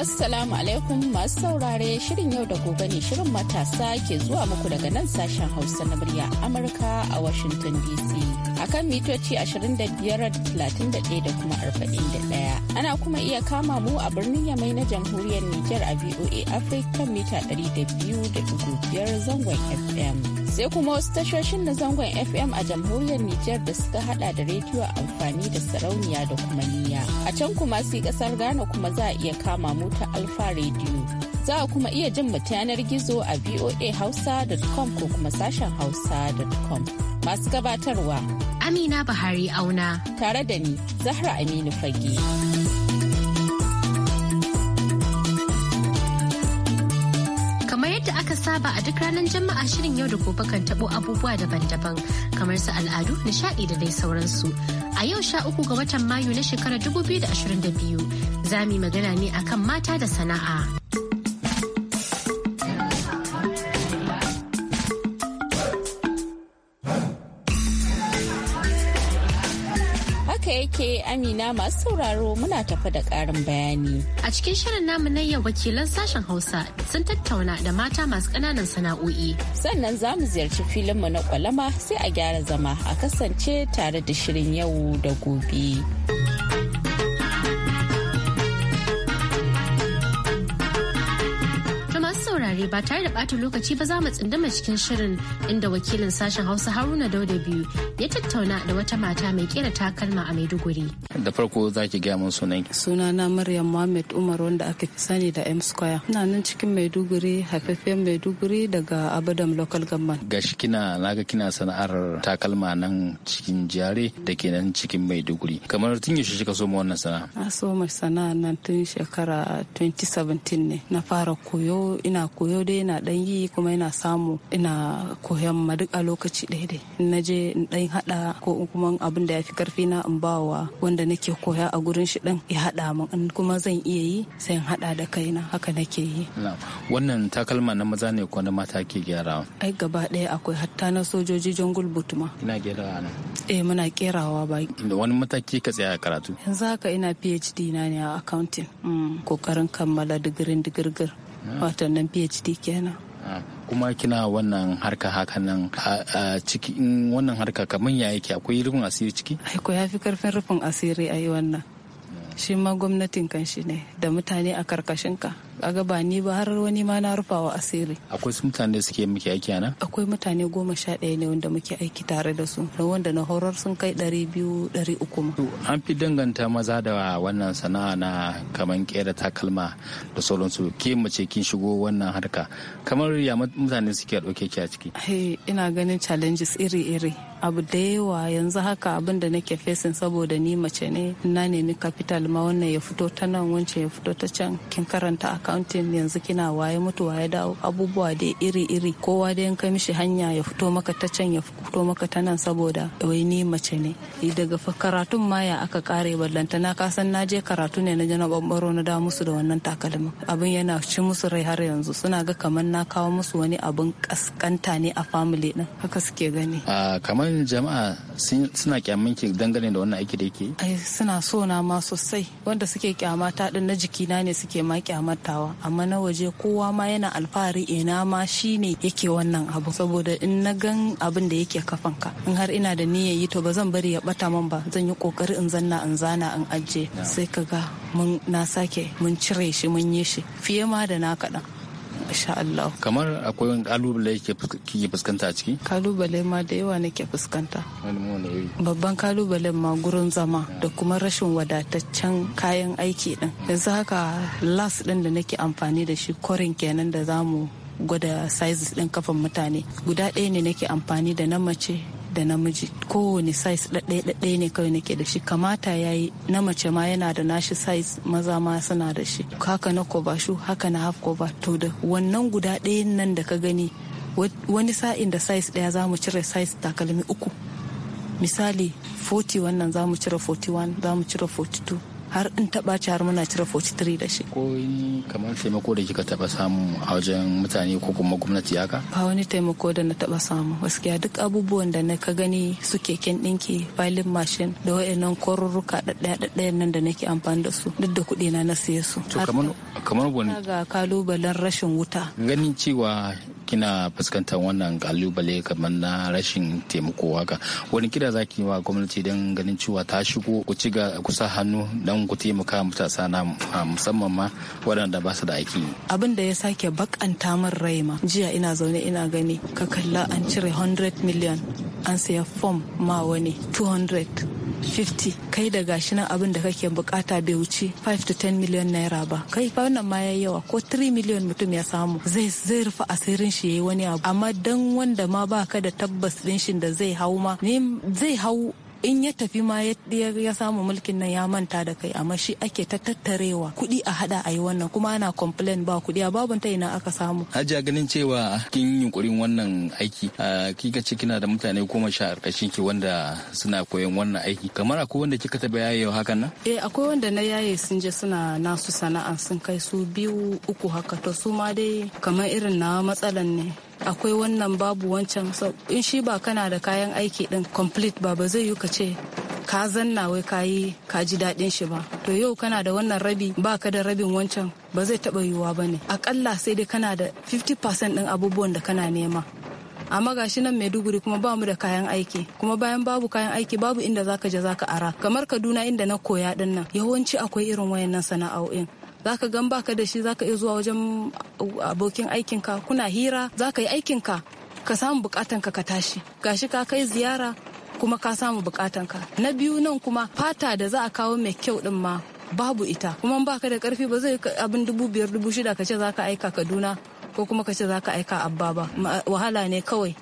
Assalamu alaikum masu saurare shirin yau da gobe ne shirin matasa ke zuwa muku daga nan sashen Hausa na murya Amurka a Washington DC. a kan mitoci 25.31 da kuma 41. Ana kuma iya kama mu a birnin Yamai na jamhuriyar Nijar a VOA Africa mita 200.5 zangon FM. sai kuma wasu tashoshin na zangon fm a jamhuriyar nijar da suka hada da rediyo amfani da sarauniya da kuma niyya a can kuma sai kasar ghana kuma za a iya kama mota alfa rediyo za a kuma iya jin mu yanar gizo a voa hausa.com ko kuma sashen hausa.com masu gabatarwa amina buhari auna tare da ni zahra aminu fage. saba a duk ranar jama'a shirin yau da gobe kan tabo abubuwa daban-daban kamar su al'adu, nishaɗi da dai sauransu. A yau sha uku ga watan Mayu na shekarar 2022 za mu yi magana ne akan mata da sana'a. yake Amina masu sauraro muna tafa da ƙarin bayani. A cikin shirin namu na yau wakilan sashen Hausa sun tattauna da mata masu ƙananan sana'o'i. Sannan za mu ziyarci filinmu na ƙwalama sai a gyara zama a kasance tare da shirin yau da gobe. saurare ba tare da ɓata lokaci ba za mu tsindama cikin shirin inda wakilin sashen Hausa Haruna Dauda biyu ya tattauna da wata mata mai kera takalma a Maiduguri. Da farko za ki gaya mun sunan ki. Sunana Maryam Muhammad Umar wanda aka fi sani da M Square. Ina nan cikin Maiduguri, haifafen Maiduguri daga Abadam Local Government. Gashi kina naga kina sana'ar takalma nan cikin jare da ke nan cikin Maiduguri. Kamar tun yaushe kika so wannan sana'a? Na so sana'a nan tun shekara 2017 ne. Na fara koyo ina koyo koyo dai yana dan yi kuma yana samu ina koyon ma duk a lokaci ɗaya dai na je in dan hada ko kuma abin da ya fi karfi na in bawa wanda nake koya a gurin shi dan ya hada min in kuma zan iya yi sai in hada da kaina haka nake yi. Wannan takalma na maza ne ko na mata ke gyara. Ai gaba ɗaya akwai hatta na sojoji jangul butuma. Ina gyarawa nan? Eh muna kerawa ba. Wani mataki ka tsaya karatu? Yanzu haka ina PhD na ne a accounting. Kokarin mm, kammala digirin digirgir. watan nan phd kenan ah, kuma kina wannan harka hakan nan a cikin wannan harka kamar ya yake akwai rufin asiri ciki aiko ya fi karfin rufin asiri a yi wannan ah. shi ma gwamnatin kan shi ne da mutane a karkashin ka kaga ba ni ba har wani ma na rufawa asiri akwai su mutane suke muke aiki nan akwai mutane goma sha ɗaya ne wanda muke aiki tare da su da wanda na horar sun kai ɗari biyu ɗari uku ma an fi danganta maza da wannan sana'a na kaman kera takalma da sauransu ke mace kin shigo wannan harka kamar ya mutane suke ɗauke ki a ciki ina ganin challenges iri-iri abu da yawa yanzu haka abin da nake fesin saboda ni mace ne na nemi capital ma wannan ya fito ta nan wancan ya fito ta can kin karanta a accounting yanzu kina waye mutuwa ya dawo abubuwa da iri-iri kowa da yanka mishi hanya ya fito maka ta can ya fito maka ta nan saboda wai ni mace ne daga karatun ma ya aka kare ballanta na kasan na je karatu ne na jana na na da musu da wannan takalmin abin yana ci musu rai har yanzu suna ga kamar na kawo musu wani abin kaskanta ne a family din haka suke gani a kamar jama'a suna kyamin ki dangane da wannan aiki da yake ai suna so na ma sosai wanda suke kyamata din na jikina ne suke ma kyamata amma na waje kowa ma yana alfahari ina ma shine yake wannan abu saboda in na gan abin da yake kafan ka in har ina da niyyar yi to ba zan bari ya bata man ba zan yi kokari in zanna in zana in ajiye sai ka ga mun na sake mun cire shi mun yi shi fiye ma da na kaɗan insha Allah kamar akwai wani kalubale kike fuskanta a ciki kalubale ma da yawa nake fuskanta babban kalubalen ma gurin zama da kuma rashin wadataccen kayan aiki din yanzu haka las ɗin da nake amfani da shi korin kenan da zamu gwada sizes din kafan mutane guda ɗaya ne nake amfani da na mace da namiji kowane size ɗaɗɗaya ne kawai nake da shi kamata ya yi na mace ma yana da nashi size maza ma suna da shi haka na shu haka na half koba to da wannan guda ɗayan nan da ka gani wani sa'in da size ɗaya za mu cire size takalmi uku misali 40 wannan za mu cire 41 za mu cire 42 har in ta ɓaci har muna cire 43 da shi. Ko kamar taimako da kika taba samu a wajen mutane ko kuma gwamnati haka? Ba wani taimako da na taɓa samu gaskiya duk abubuwan da na ka gani su keken ɗinki filin mashin da wa'annan korurruka ɗaɗɗaya nan da nake amfani da su duk da kuɗi na na siye su. kamar wani. Ga kalubalen rashin wuta. Ganin cewa kina fuskantar wannan kalubale kamar na rashin taimako haka wani kira zaki wa gwamnati don ganin cewa ta shigo ku ci ga kusa hannu don don ku taimaka matasa na musamman ma waɗanda ba su da aiki. Abin da ya sake bakanta min rai ma jiya ina zaune ina gani ka kalla an cire 100 million an saya fom ma wani 200 50 kai da gashi nan abin da kake bukata bai wuce 5 to 10 million naira ba kai fa wannan ma yayi yawa ko 3 million mutum ya samu zai zai rufe asirin shi yayi wani abu amma dan wanda ma baka da tabbas din shi da zai hau ma zai hau in ya tafi ma ya samu mulkin nan ya manta da kai amma shi ake ta tattarewa kuɗi a hada a yi wannan kuma ana complain ba kuɗi a babun ta ina aka samu hajiya ganin cewa kin yunkurin wannan aiki kika ce kina da mutane goma sha ƙarƙashin ki wanda suna koyon wannan aiki kamar akwai wanda kika taɓa yaye hakan nan eh akwai wanda na yaye sun je suna nasu sana'a sun kai su biyu uku haka to su ma dai kamar irin na matsalan ne akwai wannan babu wancan so in shi ba kana da kayan aiki din complete ba ba zai yi ka ce ka zanna wai ka yi ka ji daɗin shi ba to yau kana da wannan rabi ba ka da rabin wancan ba zai taɓa yiwuwa ba ne aƙalla sai dai kana da 50% ɗin abubuwan da kana nema amma gashi nan maiduguri kuma ba mu da kayan aiki kuma bayan babu kayan aiki babu inda zaka je zaka ara kamar kaduna inda na koya din nan yawanci akwai irin wayannan sana'o'in za ka gan baka da shi za ka iya zuwa wajen abokin aikinka kuna hira za ka yi aikinka ka samu bukatanka ka tashi gashi ka kai ziyara kuma ka samu bukatanka na biyu nan kuma fata da za a kawo mai kyau din ma babu ita kuma baka da karfi ba zai abin dubu biyar dubu shida ka ce za ka aika kaduna ko kuma ka ce za ka aika abba ba wahala ne kawai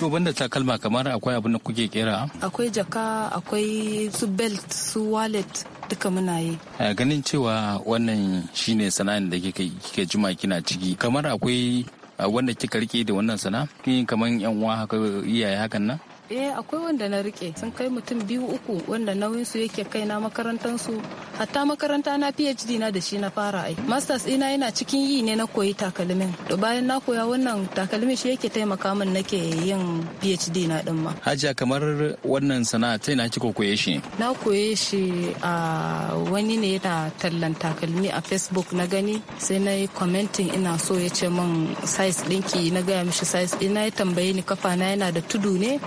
to banda takalma kamar akwai abin da kuke kera akwai jaka akwai su belt su wallet duka muna yi ganin cewa wannan shine sana'ar da kika jima kina ciki kamar akwai wanda kika rike da wannan sana'a kamar yan uwa haka iyaye hakan nan eh akwai wanda na rike sun kai mutum biyu uku wanda nauyin su yake kai na makarantar su hatta makaranta na PhD na da shi na fara ai masters ina yana cikin yi ne na koyi takalmin to bayan na koya wannan takalmin shi yake taimaka min nake yin PhD na din ma Hajiya kamar wannan sana'a ta na kiko koye shi na koye shi a wani ne yana tallan takalmi a Facebook na gani sai na yi commenting ina so ya ce min size dinki na gaya mishi size ina ya tambaye ni kafa na yana da tudu ne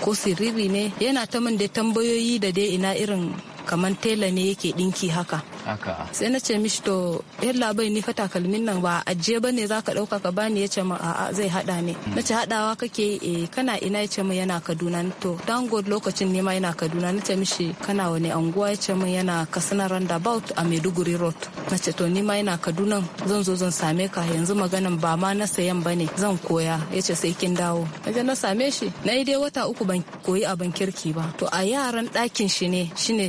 ko siriri ne yana ta min da tambayoyi da dai ina irin kamar tela ne yake dinki haka haka sai na ce mishi to yalla bai ni fa takalmin nan ba ajiye bane zaka dauka ka bani yace ma a'a zai hada ne hmm. Na nace hadawa kake eh kana ina yace mun yana Kaduna to dan god lokacin ne ma yana Kaduna na ce mishi kana wani anguwa yace min yana Kasina roundabout a Maiduguri road Na ce to ni ma yana Kaduna zan zo zan same ka yanzu maganan ba ma na sayan bane zan koya yace sai kin dawo aje na same shi na yi dai wata uku ban koyi abin kirki ba to a yaran ɗakin shi ne shine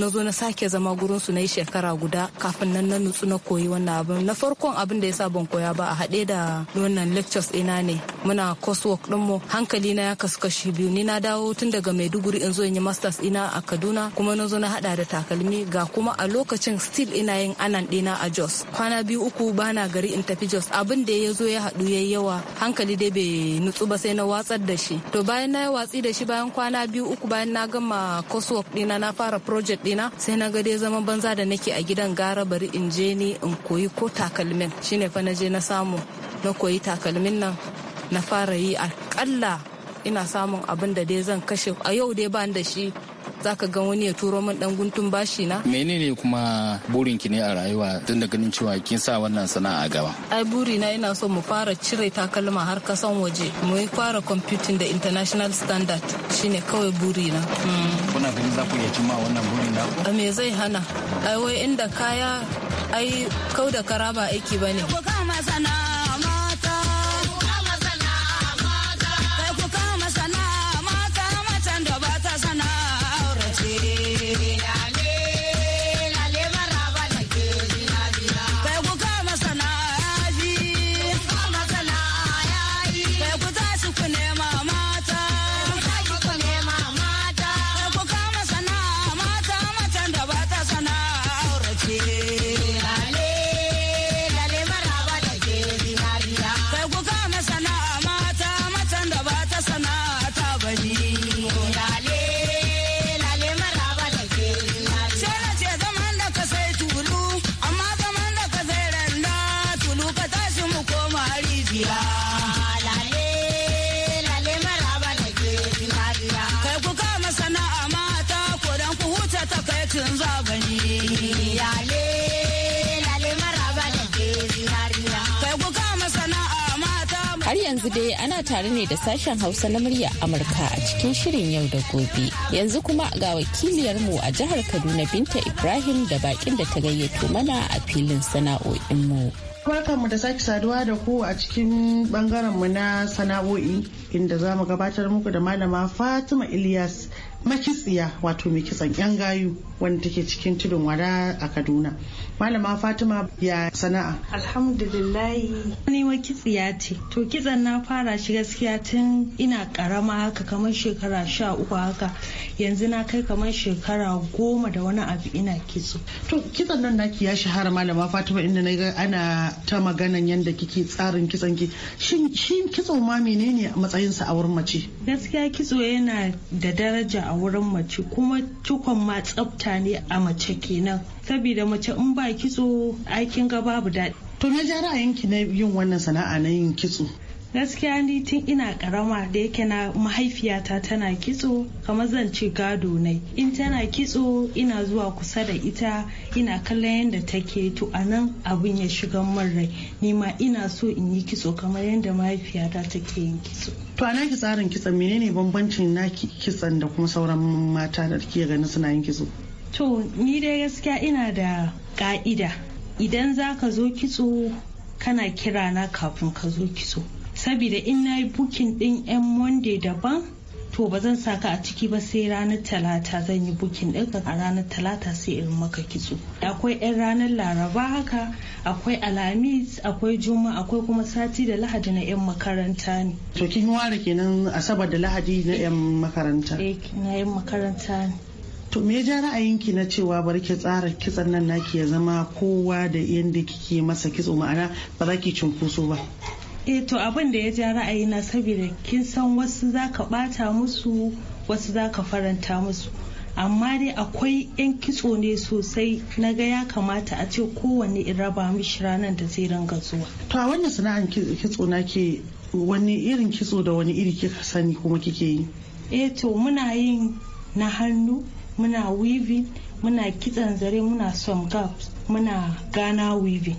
na zo na sake zama gurin su na yi shekara shekara guda kafin nan na nutsu na koyi wannan abin na farkon abin da yasa ban koya ba a haɗe da wannan lectures ina ne muna coursework din mu hankali na ya kasu kashi biyu ni na dawo tun daga Maiduguri in zo in yi masters ina a Kaduna kuma na zo na haɗa da takalmi ga kuma a lokacin still ina yin anan ɗina a Jos kwana biyu uku bana gari in tafi Jos abin da ya zo ya haɗu yayi yawa hankali dai bai nutsu ba sai na watsar da shi to bayan na yi watsi da shi bayan kwana biyu uku bayan na gama coursework dina na fara project dina sai na ga dai zaman banza da nake aiki a gidan gara bari in je ni in koyi ko takalmin shine fa na je na samu na koyi takalmin nan na fara yi akalla ina samun abin da dai zan kashe a yau dai ban da shi zaka ga wani ya turo min dan guntun bashi na menene kuma burin ki ne a rayuwa tun da ganin cewa kin sa wannan sana'a gaba ai buri na ina so mu fara cire takalma har kasan waje mu fara computing da international standard shine kawai buri na mm. kuna ganin za ku iya cimma wannan buri na ku me zai hana ai wai inda kaya ai kau da kara ba aiki bane sana'a Kuna tare ne da sashen Hausa na murya Amurka a cikin shirin yau da gobe. Yanzu kuma ga wakiliyarmu a jihar Kaduna Binta Ibrahim da bakin da ta gayyato mana a filin sana'o'inmu. mu da sake saduwa da ku a cikin mu na sana'o'i inda za mu gabatar muku da malama Fatima Ilyas makitsiya wato mai kitsan 'yan gayu wanda take cikin tudun wada a Kaduna. Malama Fatima ya sana'a. Alhamdulillahi ni wa kitsiya ce. To kitsan na fara shi gaskiya tun ina karama haka kamar shekara sha uku haka yanzu na kai kamar shekara goma da wani abu ina kitso. To kitsan nan naki ya shahara malama Fatima inda na ga ana ta maganan yadda kike tsarin kitsan ki. Shin shi kitso ma menene matsayinsa a wurin mace? Gaskiya kitso yana da daraja a wurin mace kuma cikon ma tsafta ne a mace kenan. saboda mace in ba kitso aikin ga babu daɗi to na ja ra'ayinki na yin wannan sana'a na yin kitso gaskiya ni tun ina karama da yake na mahaifiyata tana kitso kamar zan ci gado ne in tana kitso ina zuwa kusa da ita ina kallon yadda take to a nan abin ya shiga min rai ni ma ina so in yi kitso kamar yadda mahaifiyata take yin kitso to a naki tsarin kitson menene bambancin naki kitson da kuma sauran mata da ke ganin suna yin kitso to ni dai gaskiya ina da ka'ida idan za ka zo kitso kana kira na kafin ka zo kitso sabida in na yi bukin din yan monday daban to ba zan sa ka a ciki ba sai ranar talata zan yi bukin ɗin a ranar talata sai in maka kitso akwai yan ranar laraba haka akwai alhamis akwai juma akwai kuma sati da lahadi na yan makaranta ne to kin ware kenan asabar da lahadi na yan makaranta eh na yan makaranta ne To me ja ra'ayinki na cewa bari ki tsara kitson nan naki ya zama kowa da yadda kike masa kitso ma'ana ba za ki cunkoso ba. Eh to abin da ya ja ra'ayi na saboda kin san wasu za ka ɓata musu wasu za ka faranta musu. Amma dai akwai 'yan kitso ne sosai na ga ya kamata a ce kowanne in raba mishi ranar da zai ringa zuwa. To a wannan sana'ar kitso na ke wani irin kitso da wani iri kika sani kuma kike yi? Eh to muna yin na hannu muna weaving muna kitsan zare muna some caps muna gana weaving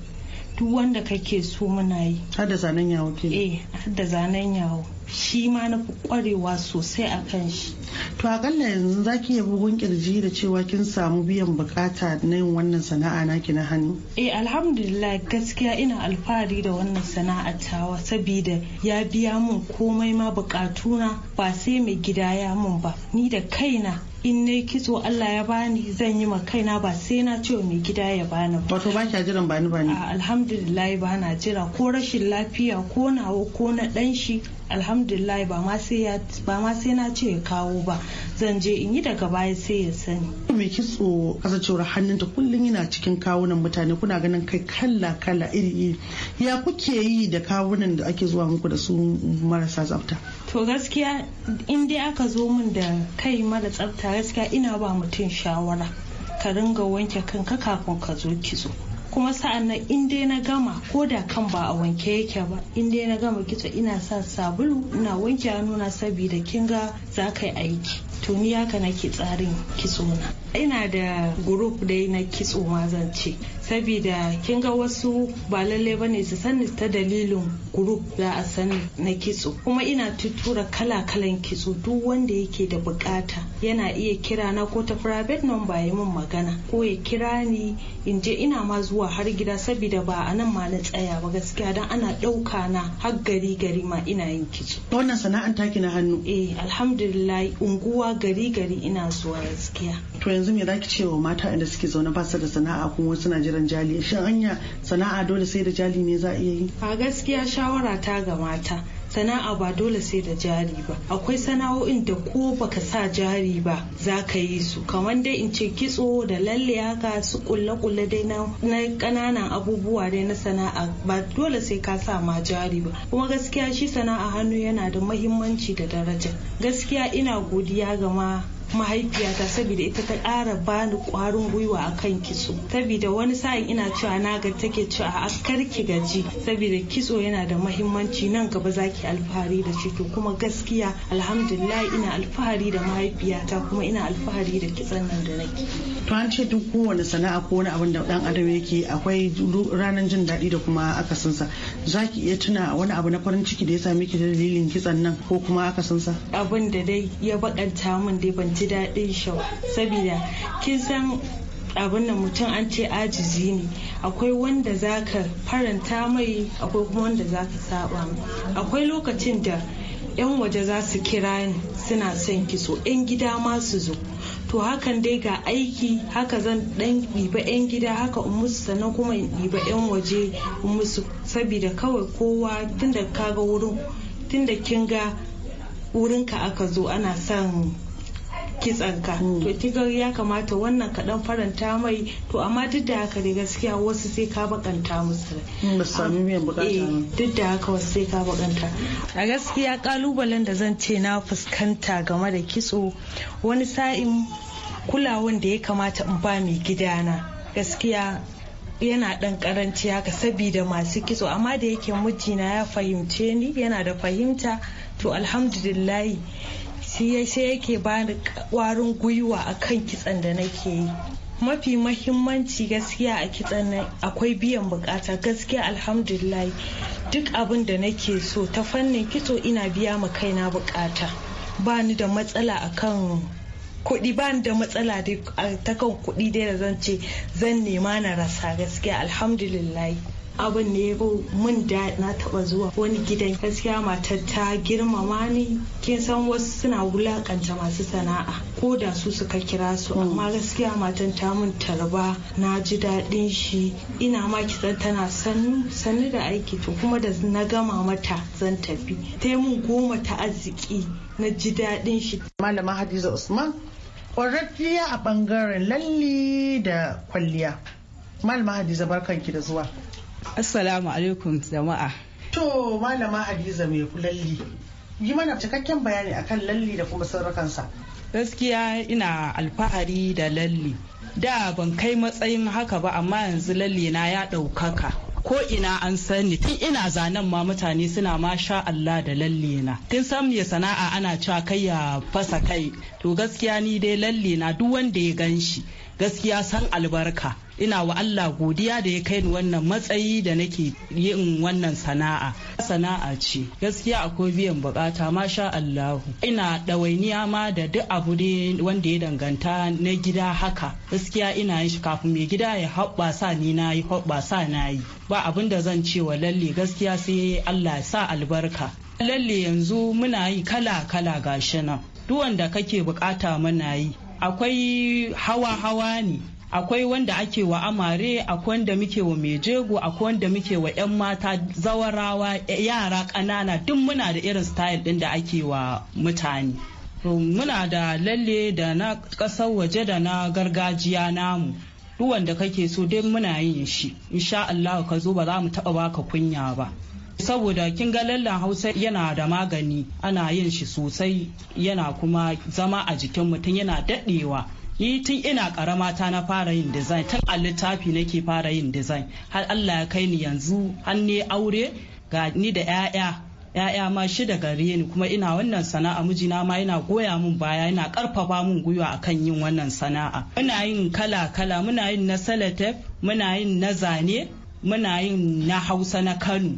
duk wanda kake so muna yi har da zanen yawo ke eh har da zanen yawo shi ma na fi kwarewa sosai a kan shi to akalla yanzu za ki bugun kirji da cewa kin samu biyan bukata na yin wannan sana'a naki na hannu eh alhamdulillah gaskiya ina alfahari da wannan sana'a tawa saboda ya biya mun komai ma bukatuna ba sai mai gida ya mun ba ni da kaina in ne kitso Allah ya bani zan yi ma kaina ba sai na ce mai gida ya bani ba. Wato bashi jiran bani bani. Alhamdulillah ba na jira ko rashin lafiya ko nawa ko na dan shi alhamdulillah ba ma sai na ce ya kawo ba zan je in yi daga baya sai ya sani mai kitso kasancewar hannunta kullum yana cikin kawunan mutane kuna ganin kai kala kala iri iri ya kuke yi da kawunan da ake zuwa muku da su marasa tsafta to gaskiya in dai aka zo min da kai mara tsafta gaskiya ina ba mutum shawara ka ringa wanke kanka kafin ka zo kitso kuma sa'an nan in dai na gama ko da kan ba a wanke yake ba in dai na gama kitso ina sa sabulu ina wanke hannuna saboda kin ga za ka yi aiki to ni haka nake tsarin kitso na ina da group dai na kitso ma zan ce saboda kin ga wasu ba lalle bane su sani ta dalilin group za a sani na kitso kuma ina tutura kala kalan kitso duk wanda yake da bukata yana iya kira na ko ta private number ya min magana ko ya kira ni in je ina ma zuwa har gida saboda ba a nan ma na tsaya ba gaskiya dan ana dauka na har gari gari ma ina yin kitso wannan sana'an taki na hannu eh alhamdulillah unguwa zuwa gari gari ina zuwa gaskiya to yanzu me zaki ce wa mata inda suke zaune ba su da sana'a kuma na jiran jali shin anya sana'a dole sai da jali ne za a iya yi a gaskiya shawara ta ga mata sana'a ba dole sai da jari ba akwai sana'o'in da ko baka sa jari ba za ka yi su kamar dai in ce kitso da lalle haka su kulle-kulle dai na kananan abubuwa dai na sana'a ba dole sai ka sa ma jari ba kuma gaskiya shi sana'a hannu yana da muhimmanci da daraja gaskiya ina godiya ga ma mahaifiyata saboda ita ta ƙara bani ƙwarin gwiwa a kan kitso saboda wani sa'in ina cewa na ga take cewa a karki gaji saboda kitso yana da mahimmanci nan gaba zaki alfahari da shi to kuma gaskiya alhamdulillah ina alfahari da mahaifiyata kuma ina alfahari da kitson nan da nake to an ce duk kowane sana'a ko wani abin da dan adam yake akwai ranar jin daɗi da kuma akasinsa zaki iya tuna wani abu na farin ciki da ya sami ki dalilin kitson nan ko kuma akasinsa abin da dai ya bakanta min dai ban ji daɗin shau saboda kin san mutum an ce ajizi ne akwai wanda za ka faranta mai akwai kuma wanda za ka saba mai akwai lokacin da yan waje za su kira ni suna son kitso yan gida ma su zo to hakan dai ga aiki haka zan dan ɗiba 'yan gida haka in musu sannan kuma in ɗiba 'yan waje in musu saboda kawai kowa tunda kaga wurin tun da kin ga wurinka aka zo ana son kitsanka hmm. to kiga ya kamata wannan kaɗan faranta mai to amma duk da haka ne gaskiya wasu sai ka bakanta musu hmm, ba sami miyan ah, bukata eh, duk da haka wasu sai ka bakanta a gaskiya kalubalen da zan ce na fuskanta game da kitso wani sa'in kulawan da ya kamata in ba mai gidana gaskiya yana dan karanci haka sabida masu kitso amma da yake mijina ya fahimce ni yana da fahimta to alhamdulillahi shi sai yake bani kwarin gwiwa akan kitsan da nake yi mafi mahimmanci gaskiya a kitsan nan akwai biyan bukata gaskiya alhamdulillah duk abin da nake so ta fannin kitso ina biya ma kaina bukata ba ni da matsala a kan kuɗi ba ni da matsala ta kan kuɗi dai da zan ce zan nema na rasa gaskiya alhamdulillah abin ne mun da na taba zuwa wani gidan gaskiya matar ta girmama ni kin san wasu suna wulakanta masu sana'a ko da su suka kira su hmm. amma gaskiya matar ta mun tarba na ji daɗin shi ina ma san tana sannu sannu da aiki to kuma da na gama mata zan tafi ta mun goma ta arziki na ji daɗin shi malama hadiza usman ƙwararriya a bangaren lalli da kwalliya malama hadiza barkanki da zuwa Assalamu alaikum jama'a. To malama Hadiza mai kulalli. Yi mana cikakken bayani akan lalli da kuma sirrikansa. Gaskiya ina alfahari da lalli. Da ban kai matsayin haka ba amma yanzu lalli na ya ɗaukaka. ko ina an sani tun ina zanen ma mutane suna ma sha Allah da lalle na Tun san me sana'a ana cewa kai ya fasa kai to gaskiya ni dai lalle na duk wanda ya gan shi gaskiya san albarka ina wa Allah godiya da ya kai ni wannan matsayi da nake yin wannan sana'a sana'a ce gaskiya akwai biyan bukata masha Allahu ina ɗawainiya ma da duk abu ne wanda ya danganta na gida haka gaskiya ina yin shi kafin mai gida ya hoɓɓasa ni na yi hoɓɓasa na yi ba abin da zan ce wa lalle gaskiya sai Allah ya sa albarka lalle yanzu muna yi kala kala gashi nan duk wanda kake bukata muna yi akwai hawa hawa ne akwai wanda ake wa amare akwai wanda muke wa mejego akwai wanda muke wa 'yan mata zawarawa eh, yara ƙanana duk muna da irin style ɗin da ake wa mutane muna da lalle da na ƙasar waje da na gargajiya namu duk wanda kake so dai muna yin shi insha Allah ka zo ba za mu taba baka kunya ba saboda kin ga lallan hausa yana da magani ana yin shi sosai yana kuma zama a jikin mutum yana daɗewa ni tun ina karama na fara yin design tun a littafi nake fara yin design har Allah ya kai ni yanzu har ne aure ga ni da 'ya'ya ya'ya ma da gare ni kuma ina wannan sana'a mijina ma yana goya min baya yana karfafa min gwiwa akan yin wannan sana'a muna yin kala kala muna yin na selotep muna yin na zane muna yin na hausa na kano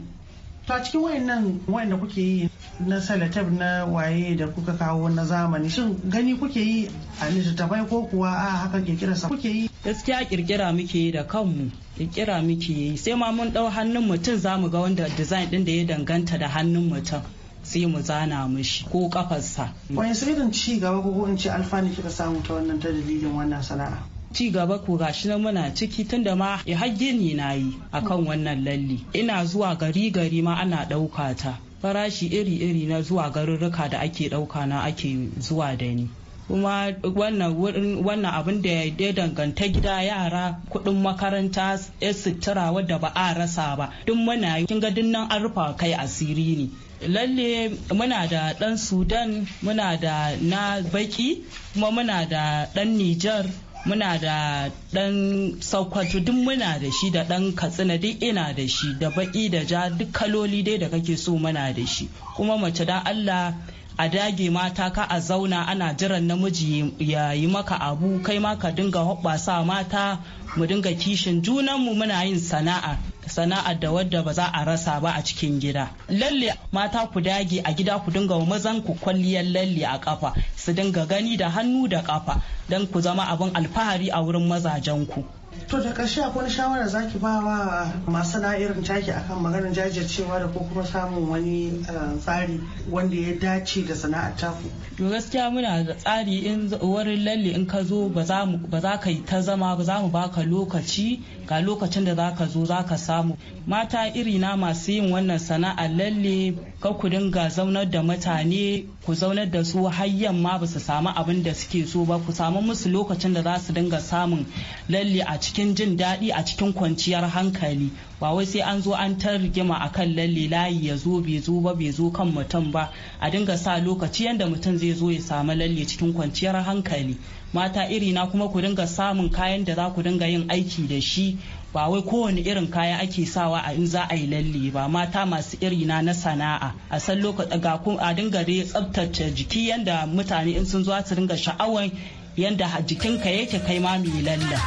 to a cikin wayannan wayanda kuke yi na salatab na waye da kuka kawo na zamani shin gani kuke yi a littattafai ko kuwa a haka sa kuke yi gaskiya kirkira muke yi da kanmu kirkira muke yi sai ma mun dau hannun mutum zamu ga wanda design din da ya danganta da hannun mutum sai mu zana mishi ko kafarsa wani irin ci gaba ko in ci alfani kika samu ta wannan ta dalilin wannan sana'a ci gaba ko gashi nan muna ciki tunda ma ya ni na yi akan wannan lalle ina zuwa gari gari ma ana ɗauka ta farashi iri-iri na zuwa garurruka da ake ɗauka na ake zuwa da ni kuma wannan abin da ya danganta gida yara kuɗin makaranta ya sutura wadda ba a rasa ba duk muna yi kin ga nan an rufa kai asiri ne lalle muna da ɗan sudan muna da na baki kuma muna da ɗan nijar muna da ɗan saukwato duk muna da shi da ɗan katsina duk ina da shi da baki da ja duk kaloli dai da kake so muna da shi kuma mace dan allah a dage mata ka a zauna ana jiran namiji ya yi maka abu kai ma ka dinga hoɓɓasa mata mu dinga kishin junanmu muna yin sana'a sana'ar da wadda ba za a rasa ba a cikin gida lalle mata ku dage a gida ku dinga mazan ku kwalliyar lalle a kafa su dinga gani da hannu da kafa don ku zama abin alfahari a wurin mazajen ku to da ƙarshe akwai wani shawara za ki ba wa masu irin taki akan maganar jajircewa da ko kuma samun wani eh, tsari wanda ya dace da sana'ar taku gaskiya muna da tsari in wurin lalle in ka zo ba za ka yi ta zama ba za mu baka lokaci ga lokacin da za ka zo za ka samu mata iri na masu yin wannan sana'ar lalle kar ku dinga zaunar da mutane ku zaunar da su har yamma ba su samu abin da suke so ba ku samu musu lokacin da za su dinga samun lalle a cikin jin daɗi a cikin kwanciyar hankali ba wai sai an zo an ta rigima a kan lalle layi ya zo bai zo ba bai zo kan mutum ba a dinga sa lokaci yadda mutum zai zo ya samu lalle cikin kwanciyar hankali mata irina kuma ku dinga samun kayan da za ku dinga yin aiki da shi ba wai kowane irin kaya ake sawa a in za a yi lalle ba mata masu irina na sana'a a san lokacin a dinga dai tsabtace jiki yanda mutane in sun zo su dinga sha'awan yanda jikinka yake kai ma mai lalle.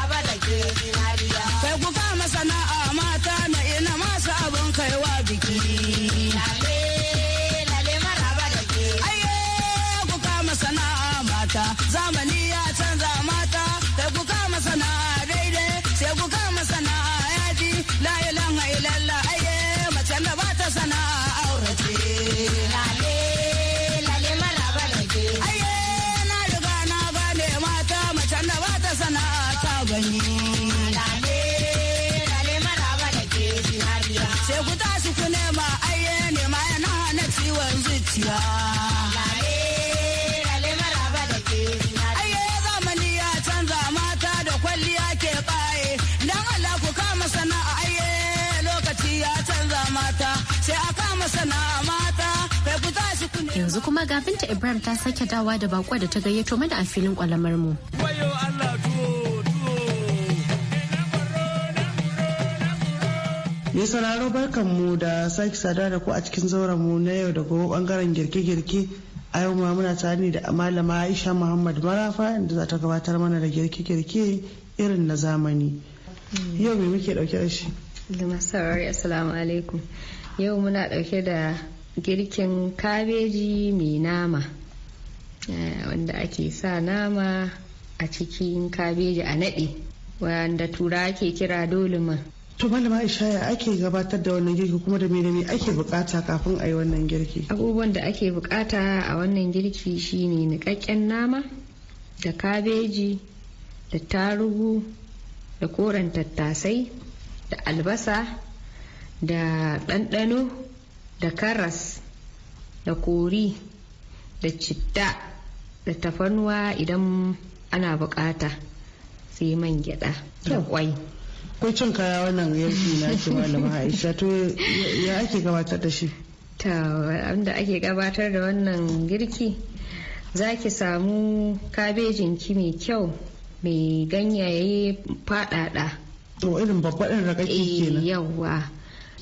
Kai ku kama sana'a mata na ina masu abin kaiwa biki. kuma ga binta Ibrahim ta sake dawa da bako da ta gayyato mana a filin kwalamar mu. Mai sauraro barkan mu da sake sada da ku a cikin zauren mu na yau da gobe bangaren girke-girke a yau ma muna tare ne da malama Aisha Muhammad Marafa da za ta gabatar mana da girke-girke irin na zamani. Yau me muke dauke da shi? Assalamu alaikum. Yau muna dauke da girkin kabeji mai nama eh, wanda ake sa nama a cikin kabeji a naɗe wanda tura ake kira doluman to malama aisha ya ake gabatar da wannan girki kuma da menene ake bukata kafin a yi wannan girki abubuwan da ake bukata a wannan girki shine nikakken nama da kabeji da tarugu da koren tattasai da albasa da ɗanɗano da karas da kori da citta da tafarnuwa idan ana bukata sai man gyada da kwai ko cin kaya wannan yanki na ke malama aisha to ya ake gabatar da shi ta wanda ake gabatar da wannan girki za ki samu kabejin ki mai kyau mai ganyaye fadada to irin babba din ragaki eh, kenan yawa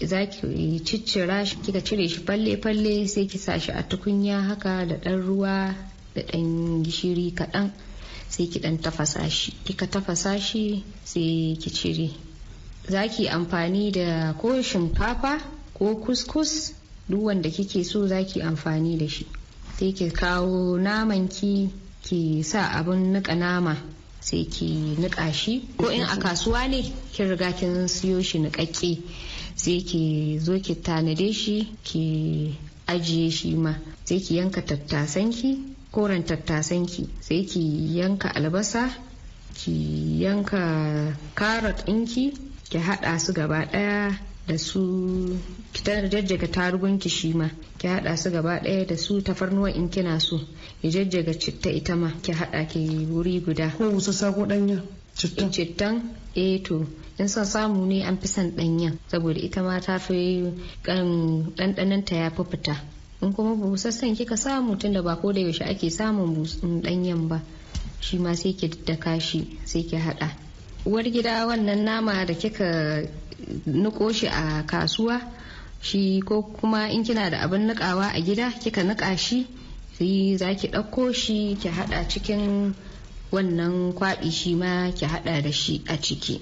za ki ciccira shi kika cire shi falle-falle sai ki sa shi a tukunya haka da ɗan ruwa da ɗan gishiri kaɗan sai ki ɗan tafasa shi kika tafasa shi sai ki cire za ki amfani da ko shinkafa ko kuskus duk wanda kike so za ki amfani da shi sai ki kawo naman ki ki sa abin nika nama sai ki nika shi ko in a kasuwa ne kin riga kin siyo shi nikakke sai ki zo ki tanade shi ki ajiye shi ma sai ki yanka tattasanki koren tattasanki sai ki yanka albasa ki yanka karot ɗinki ki haɗa su gaba ɗaya da su ki jajjaga tarugunki shi ma ki haɗa su gaba ɗaya da su tafarnuwa in kina so ki jajjaga citta ita ma ki haɗa ki wuri guda ko wusa sako ɗanya cittan eh to in son samu ne an fi son ɗanyen saboda ita ma ta fi ta ya fi fita in kuma sassan kika samu tun da ba ko da yaushe ake samun ɗanyen ba shi ma sai ki daddaka shi sai ki haɗa uwar gida wannan nama da kika niko shi a kasuwa shi ko kuma in kina da abin nukawa a gida kika nuka shi sai za ki ɗauko shi ki haɗa cikin wannan kwaɗi shi ma ki haɗa da shi a ciki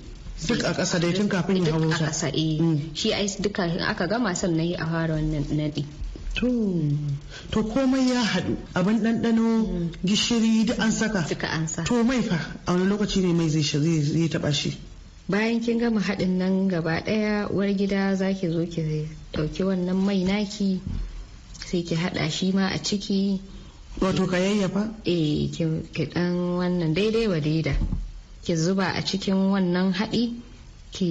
duk a ƙasa dai tun kafin ya hawo a ƙasa eh mm. shi ai duka aka gama sannan a fara wannan naɗi to komai ya haɗu abin ɗanɗano mm. gishiri duk an saka duka an saka. to mai fa a wani lokaci ne mai zai zai taɓa shi bayan kin gama haɗin nan gaba ɗaya uwar gida za ki zo ki ɗauki wannan mai naki sai ki haɗa shi ma a ciki wato ka yayyafa eh ki dan wannan daidai wadida ki zuba a cikin wannan haɗi ki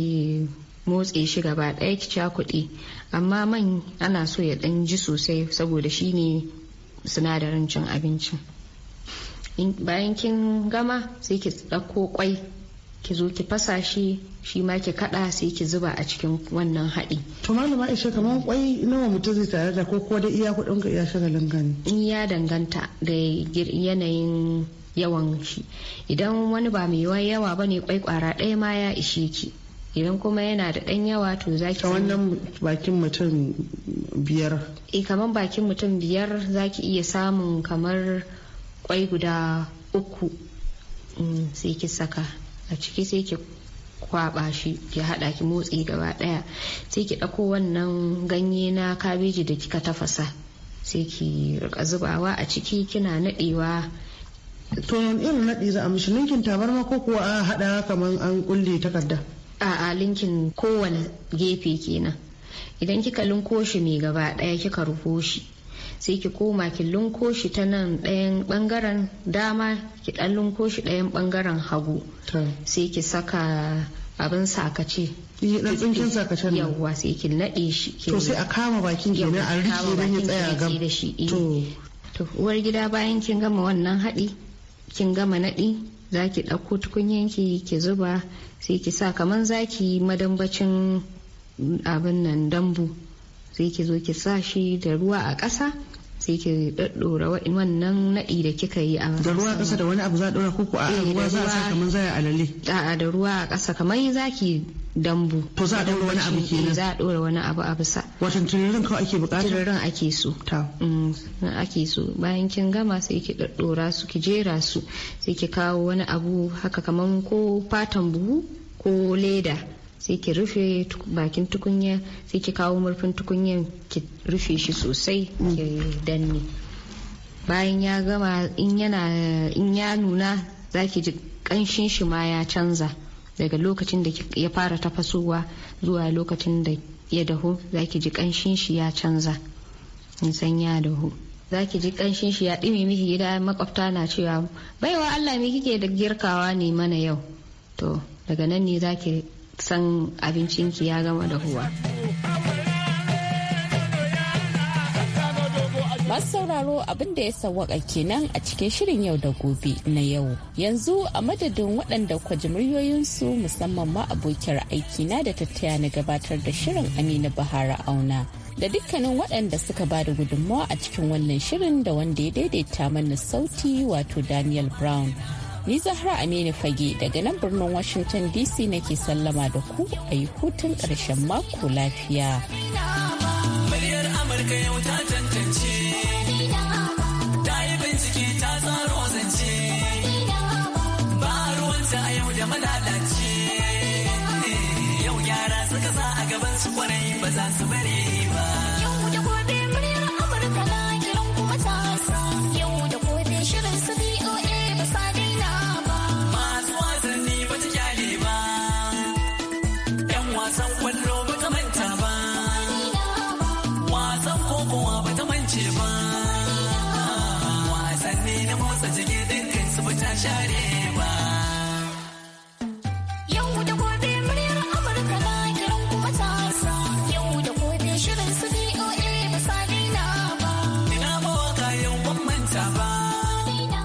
motse shi gaba ɗaya ki kuɗi amma man ana so ya ɗan ji sosai saboda shi ne sinadarin cin abinci bayan kin gama sai ki ɗauko kwai ki zo ki fasa shi shi ma ki kada sai ki zuba a cikin wannan haɗi. to malama ishe kamar kwai nawa mutum zai tare da ko kuwa da iya kuɗin ka iya shagalin gani. in ya danganta da yanayin yawan shi idan wani ba mai yawa ba ne kwai kwara ɗaya ma ya ishe ki idan kuma yana da ɗan yawa to za ki wannan bakin mutum biyar e kamar bakin mutum biyar za ki iya samun kamar kwai guda uku mm, sai ki saka a ciki sai ki kwaba shi ki hada ki motsi gaba daya sai ki dauko wannan ganye na kabeji da kika tafasa sai ki rika zubawa a ciki kina nadewa to yan irin nadi za a mishi linkin tabarma ko kuwa a hada kamar an kulle takarda a'a a linkin kowane gefe kenan idan kika lunko shi mai gaba ɗaya kika rufo shi sai ki koma ki lunko shi ta nan ɗayan ɓangaren dama ki ɗan lunko shi ɗayan ɓangaren hagu sai ki saka abin sakace eh, ɗan tsinken sakacen yawwa sai ki naɗe shi to sai a kama bakin kenan a rike dan ya tsaya gam eh. to to uwar gida bayan kin gama wannan haɗi kin gama nadi zaki ɗauko tukunyanki ki zuba sai ki sa kaman zaki madambacin abin nan dambu sai ki zo ki sa shi da ruwa a ƙasa sai ki daddora wannan naɗi da kika yi a da ruwa ƙasa da wani abu za a ɗora koko a eh, ruwa za a sa kamar zaya alale a'a da ruwa a ƙasa kamar zaki dambu to za a ɗora wani abu eh, ke za a ɗora wani abu a bisa watan tururin kawai ake bukata tururin ake so ta mm, ake so bayan kin gama sai ki daddora su ki jera su sai ki kawo wani abu haka kamar ko fatan buhu ko leda sai ki rufe bakin tukunya sai ki kawo murfin tukunyan ki rufe shi sosai ki danne bayan ya gama in ya nuna za ki ji kanshin shi ma ya canza daga lokacin da ya fara tafasowa zuwa lokacin da ya dahu za ki ji kanshin shi ya canza in san ya dahu za ki ji kanshin shi ya dimi miki gida makwabta na cewa baiwa Allah me kike da girkawa ne mana yau to daga nan ne za ki san abincinki ya gama da huwa masu sauraro abin da ya sawwaka kenan a cikin shirin yau da gobe na yau yanzu a madadin waɗanda kwajimuryoyinsu musamman ma abokiyar aikina da tattaya na gabatar da shirin amina bahara auna da dukkanin waɗanda suka ba da gudunmawa a cikin wannan shirin da wanda ya daidaita mana sauti wato daniel brown Ni Zahra Aminu Fage daga nan birnin Washington DC nake sallama da ku a yi hutun ƙarshen mako lafiya.